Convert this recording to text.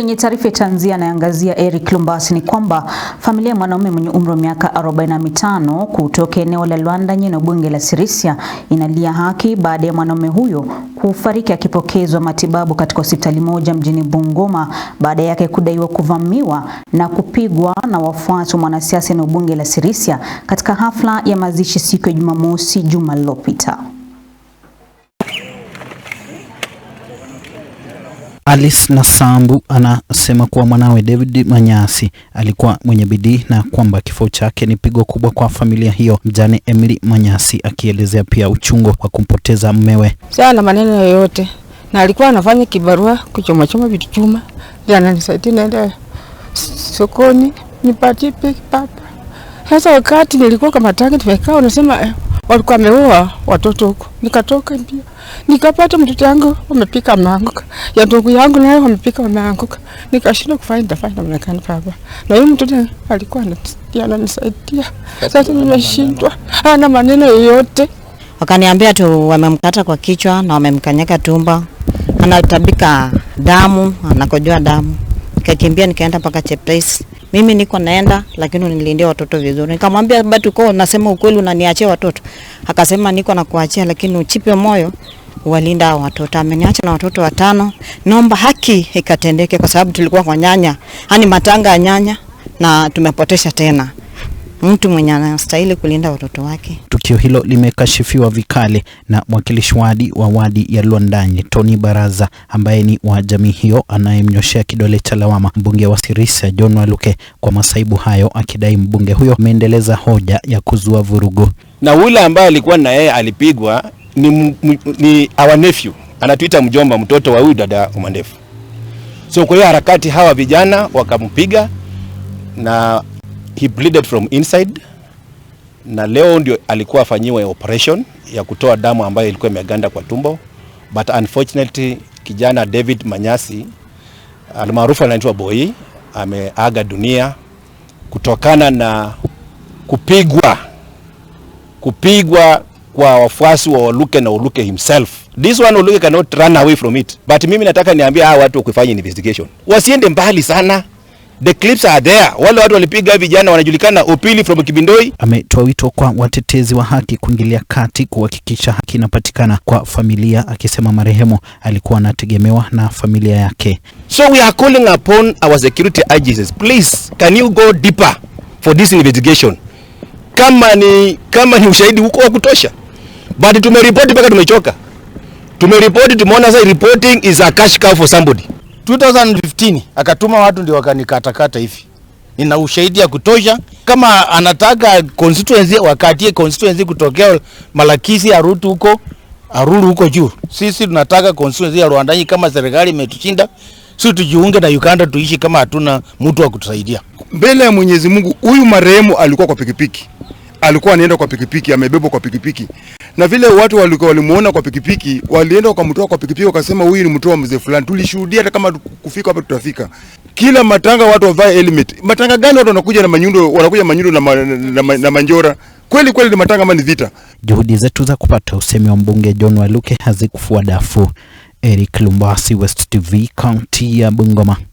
Kwenye taarifa ya tanzia anayeangazia Eric Lumbasi ni kwamba familia ya mwanaume mwenye umri wa miaka 45 kutoka eneo la Luanda na bunge la Sirisia inalia haki baada ya mwanaume huyo kufariki akipokezwa matibabu katika hospitali moja mjini Bungoma baada yake kudaiwa kuvamiwa na kupigwa na wafuasi wa mwanasiasa na bunge la Sirisia katika hafla ya mazishi siku ya Jumamosi juma lililopita. Alice Nasambu anasema kuwa mwanawe David Manyasi alikuwa mwenye bidii na kwamba kifo chake ni pigo kubwa kwa familia hiyo. Mjane Emily Manyasi akielezea pia uchungu wa kumpoteza mmewe. Sana maneno yoyote, na alikuwa anafanya kibarua kuchoma choma vitu chuma, ndio ananisaidia naenda sokoni nipatie papa. Sasa wakati nilikuwa kama tangi tumekaa, unasema eh, walikuwa wameua watoto huko. Nikatoka mbio nikapata mtoto yangu amepika ameanguka, ya ndugu yangu naye amepika ameanguka, nikashindwa kufanya tafanya mlekani baba, na huyu mtoto alikuwa ananisaidia. Sasa nimeshindwa, hana maneno yoyote. Wakaniambia tu wamemkata kwa kichwa na wamemkanyaka tumba, anatabika damu, anakojoa damu. Nikakimbia nikaenda mpaka Cheptais mimi niko naenda, lakini unilindie watoto vizuri. Nikamwambia baba, tuko nasema ukweli, unaniachia watoto? Akasema niko nakuachia, lakini uchipe moyo walinda watoto. Ameniacha na watoto watano, naomba haki ikatendeke, kwa sababu tulikuwa kwa nyanya, yani matanga ya nyanya, na tumepotesha tena mtu mwenye anastahili kulinda watoto wake. Tukio hilo limekashifiwa vikali na mwakilishi wadi wa wadi ya Lwandani Tony Baraza, ambaye ni wa jamii hiyo, anayemnyoshea kidole cha lawama mbunge wa Sirisia John Waluke kwa masaibu hayo, akidai mbunge huyo ameendeleza hoja ya kuzua vurugu. Na ule ambaye alikuwa na yeye alipigwa ni, ni our nephew, anatuita mjomba, mtoto wa huyu dada Umandefu. So kwa hiyo harakati hawa vijana wakampiga na he bleeded from inside na leo ndio alikuwa afanyiwe operation ya kutoa damu ambayo ilikuwa imeganda kwa tumbo, but unfortunately kijana David Manyasi almaarufu anaitwa Boi ameaga dunia kutokana na kupigwa kupigwa kwa wafuasi wa Oluke na Oluke himself. This one Oluke cannot run away from it, but mimi nataka niambie hawa watu wakifanya investigation wasiende mbali sana. The clips are there. Wale watu walipiga vijana wanajulikana, upili from Kibindoi. Ametoa wito kwa watetezi wa haki kuingilia kati kuhakikisha haki inapatikana kwa familia, akisema marehemu alikuwa anategemewa na familia yake. So we are calling upon our security agencies. Please, can you go deeper for this investigation? Kama ni kama ni ushahidi huko wa kutosha, but tumeripoti mpaka tumechoka, tumeripoti tumeona, sasa reporting is a cash cow for somebody. 2015 akatuma watu ndio wakanikatakata hivi. Nina ushahidi ya kutosha. Kama anataka constituency wakatie constituency kutokea Malakisi Rutu huko Aruru huko juu. Sisi tunataka constituency ya Rwandanyi. Kama serikali imetushinda, sisi tujiunge na Uganda tuishi kama hatuna mtu wa kutusaidia. Mbele ya Mwenyezi Mungu, huyu marehemu alikuwa kwa pikipiki, alikuwa anaenda kwa pikipiki, amebebwa kwa pikipiki na vile watu walikuwa walimuona kwa pikipiki, walienda wakamtoa kwa pikipiki, wakasema huyu ni mtu wa mzee fulani. Tulishuhudia hata kama kufika hapa tutafika. Kila matanga watu wavae helmet. Matanga gani watu wanakuja na manyundo, wanakuja manyundo na, ma, na, na, na manjora kweli kweli, ni matanga ama ni vita? Juhudi zetu za kupata usemi wa mbunge John Waluke hazikufua dafu. Eric Lumbasi, West TV, kaunti ya Bungoma.